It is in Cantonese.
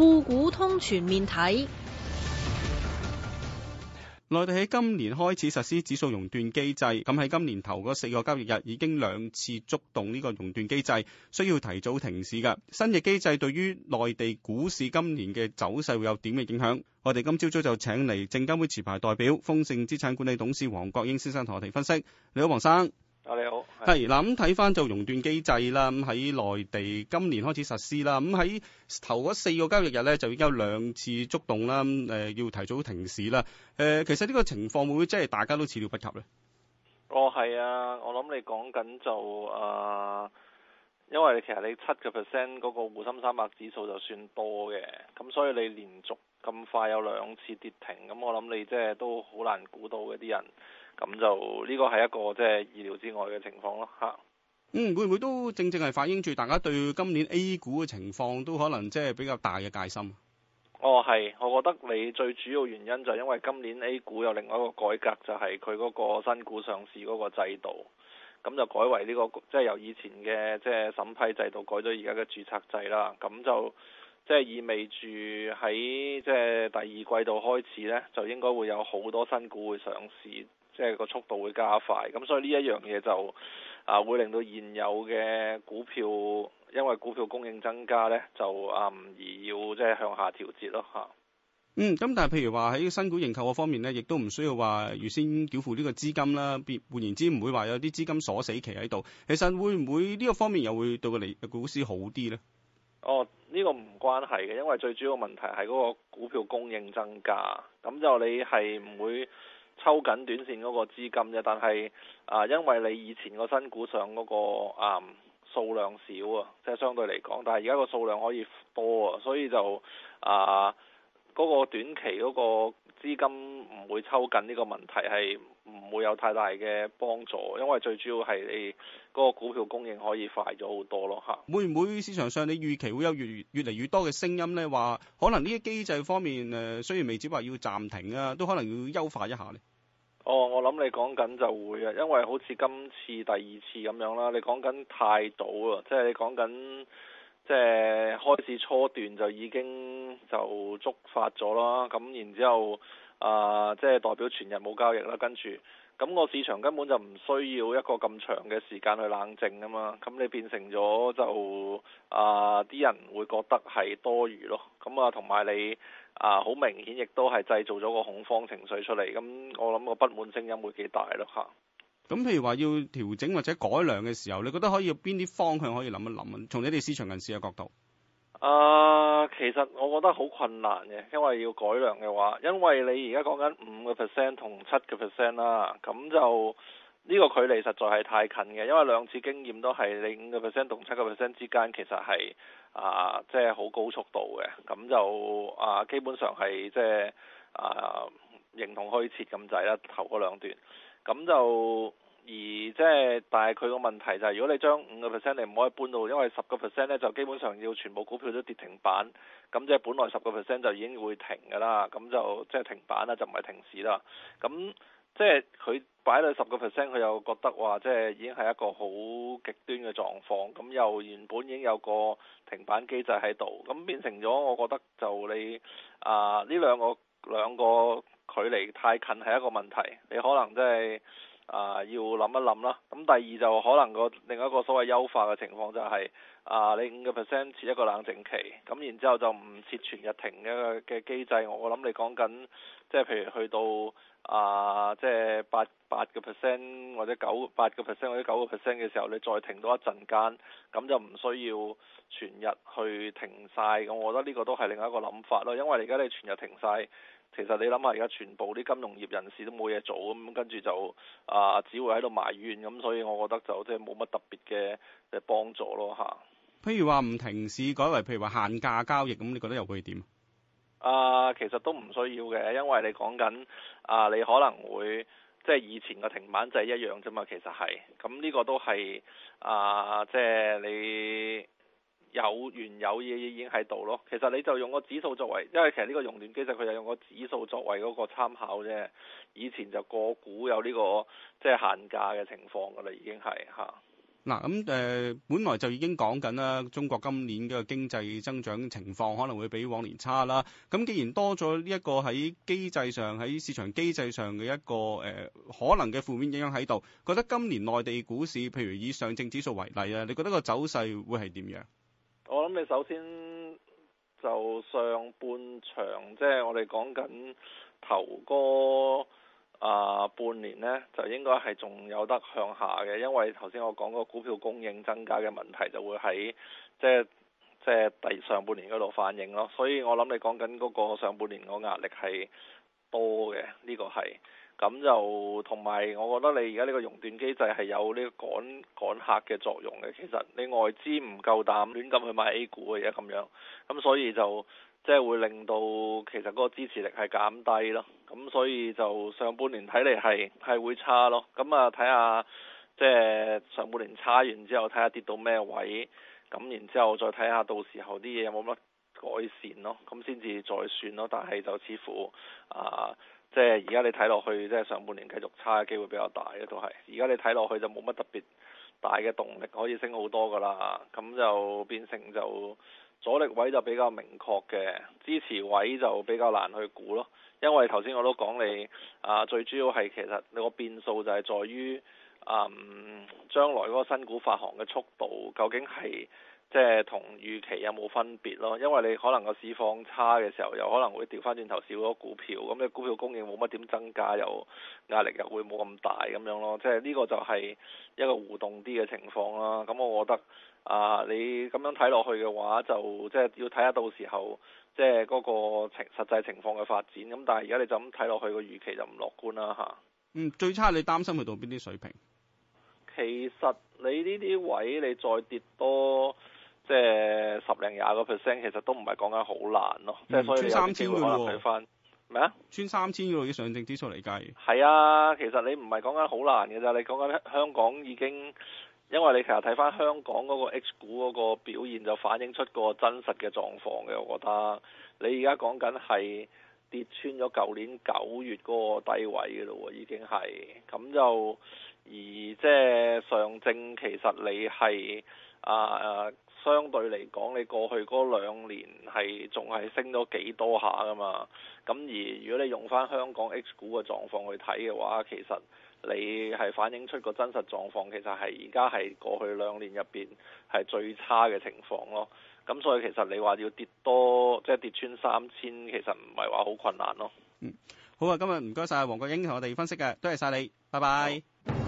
滬港通全面睇。內地喺今年開始實施指數熔斷機制，咁喺今年頭嗰四個交易日已經兩次觸動呢個熔斷機制，需要提早停市㗎。新嘅機制對於內地股市今年嘅走勢會有點嘅影響？我哋今朝早就請嚟證監會持牌代表、豐盛資產管理董事黃國英先生同我哋分析。你好，黃生。啊，你好。係嗱，咁睇翻就熔斷機制啦，咁喺內地今年開始實施啦，咁喺頭嗰四個交易日咧，就已經有兩次觸動啦，咁、呃、要提早停市啦。誒、呃，其實呢個情況會唔會即係大家都始料不及咧？哦，係啊，我諗你講緊就誒、是呃，因為其實你七個 percent 嗰個滬深三百指數就算多嘅，咁所以你連續咁快有兩次跌停，咁我諗你即係都好難估到嘅啲人。咁就呢個係一個即係意料之外嘅情況咯嚇。嗯，會唔會都正正係反映住大家對今年 A 股嘅情況都可能即係比較大嘅戒心？哦，係，我覺得你最主要原因就係因為今年 A 股有另外一個改革，就係佢嗰個新股上市嗰個制度，咁就改為呢、這個即係、就是、由以前嘅即係審批制度改咗而家嘅註冊制啦。咁就即係、就是、意味住喺即係第二季度開始呢，就應該會有好多新股會上市。即係個速度會加快，咁所以呢一樣嘢就啊會令到現有嘅股票，因為股票供應增加呢，就啊而要即係向下調節咯吓，嗯，咁但係譬如話喺新股認購嘅方面呢，亦都唔需要話預先繳付呢個資金啦。變換言之，唔會話有啲資金鎖死期喺度。其實會唔會呢個方面又會對個股市好啲呢？哦，呢個唔關係嘅，因為最主要問題係嗰個股票供應增加，咁就你係唔會，抽緊短線嗰個資金嘅，但係啊、呃，因為你以前個新股上嗰、那個啊數、嗯、量少啊，即、就、係、是、相對嚟講，但係而家個數量可以多啊，所以就啊。呃嗰個短期嗰個資金唔會抽緊呢個問題係唔會有太大嘅幫助，因為最主要係你嗰個股票供應可以快咗好多咯嚇。會唔會市場上你預期會有越越嚟越多嘅聲音呢？話可能呢啲機制方面誒、呃，雖然未至於話要暫停啊，都可能要優化一下呢。哦，我諗你講緊就會啊，因為好似今次第二次咁樣啦，你講緊太早啊，即係你講緊。即係開市初段就已經就觸發咗啦，咁然之後啊、呃，即係代表全日冇交易啦，跟住咁個市場根本就唔需要一個咁長嘅時間去冷靜啊嘛，咁你變成咗就啊啲、呃、人會覺得係多餘咯，咁啊同埋你啊好、呃、明顯亦都係製造咗個恐慌情緒出嚟，咁我諗個不滿聲音會幾大咯，嚇。咁譬如話要調整或者改良嘅時候，你覺得可以有邊啲方向可以諗一諗啊？從你哋市場人士嘅角度，啊、呃，其實我覺得好困難嘅，因為要改良嘅話，因為你而家講緊五個 percent 同七個 percent 啦，咁就呢個距離實在係太近嘅，因為兩次經驗都係你五個 percent 同七個 percent 之間，其實係啊、呃，即係好高速度嘅，咁就啊、呃，基本上係即係啊、呃，形同虛設咁滯啦，頭嗰兩段。咁就而即係，但係佢個問題就係，如果你將五個 percent 你唔可以搬到，因為十個 percent 咧就基本上要全部股票都跌停板。咁即係本來十個 percent 就已經會停㗎啦，咁就即係停板啦，就唔係停市啦。咁即係佢擺到十個 percent，佢又覺得話即係已經係一個好極端嘅狀況。咁又原本已經有個停板機制喺度，咁變成咗我覺得就你啊呢兩個兩個。兩個距離太近係一個問題，你可能即係啊要諗一諗啦。咁第二就可能、個另一個所謂優化嘅情況就係、是、啊、呃、你五個 percent 設一個冷靜期，咁然之後就唔設全日停嘅嘅機制。我我諗你講緊即係譬如去到啊、呃、即係八八個 percent 或者九八個 percent 或者九個 percent 嘅時候，你再停多一陣間，咁就唔需要全日去停晒。咁我覺得呢個都係另一個諗法咯，因為你而家你全日停晒。其實你諗下，而家全部啲金融業人士都冇嘢做咁，跟住就啊、呃，只會喺度埋怨咁，所以我覺得就即係冇乜特別嘅嘅幫助咯吓，譬如話唔停市，改為譬如話限價交易，咁你覺得又會點？啊、呃，其實都唔需要嘅，因為你講緊啊、呃，你可能會即係以前嘅停板就係一樣啫嘛，其實係咁呢個都係啊、呃，即係你。有原有嘢，已已經喺度咯。其實你就用個指數作為，因為其實呢個熔斷機制佢就用個指數作為嗰個參考啫。以前就過股有呢個即係限價嘅情況噶啦，已經係吓。嗱咁，誒，本來就已經講緊啦，中國今年嘅經濟增長情況可能會比往年差啦。咁既然多咗呢一個喺機制上、喺市場機制上嘅一個誒，可能嘅負面影響喺度，覺得今年內地股市，譬如以上證指數為例啊，你覺得個走勢會係點樣？我諗你首先就上半場，即係我哋講緊頭個啊、呃、半年呢，就應該係仲有得向下嘅，因為頭先我講個股票供應增加嘅問題，就會喺即係即係第上半年嗰度反映咯。所以我諗你講緊嗰個上半年個壓力係，多嘅呢個係，咁就同埋我覺得你而家呢個熔斷機制係有呢個趕趕客嘅作用嘅。其實你外資唔夠膽亂咁去買 A 股嘅而家咁樣，咁所以就即係會令到其實嗰個支持力係減低咯。咁所以就上半年睇嚟係係會差咯。咁啊睇下即係上半年差完之後睇下跌到咩位，咁然之後再睇下到時候啲嘢有冇乜。改善咯，咁先至再算咯。但係就似乎啊、呃，即係而家你睇落去，即係上半年繼續差嘅機會比較大嘅，都係而家你睇落去就冇乜特別大嘅動力可以升好多噶啦。咁就變成就阻力位就比較明確嘅，支持位就比較難去估咯。因為頭先我都講，你、呃、啊，最主要係其實你個變數就係在於嗯將來嗰個新股發行嘅速度究竟係。即係同預期有冇分別咯？因為你可能個市況差嘅時候，又可能會掉翻轉頭少咗股票，咁、嗯、你股票供應冇乜點增加，又壓力又會冇咁大咁樣咯。即係呢、呢個就係一個互動啲嘅情況啦。咁我覺得啊，你咁樣睇落去嘅話，就即係要睇下到時候即係嗰個情實際情況嘅發展。咁但係而家你就咁睇落去個預期就唔樂觀啦嚇。嗯，最差你擔心去到邊啲水平？其實你呢啲位你再跌多。即係十零廿個 percent，其實都唔係講緊好難咯。即係、嗯、穿三千可能睇翻咩啊？麼穿三千嘅喎，以上證指數嚟計。係啊，其實你唔係講緊好難嘅啫。你講緊香港已經，因為你其實睇翻香港嗰個 H 股嗰個表現，就反映出個真實嘅狀況嘅。我覺得你而家講緊係跌穿咗舊年九月嗰個低位嘅咯，已經係咁就。而即係上證，其實你係啊，相對嚟講，你過去嗰兩年係仲係升咗幾多下噶嘛？咁而如果你用翻香港 H 股嘅狀況去睇嘅話，其實你係反映出個真實狀況，其實係而家係過去兩年入邊係最差嘅情況咯。咁所以其實你話要跌多即係跌穿三千，其實唔係話好困難咯。嗯，好啊！今日唔該晒黃國英同我哋分析嘅，多謝晒你，拜拜。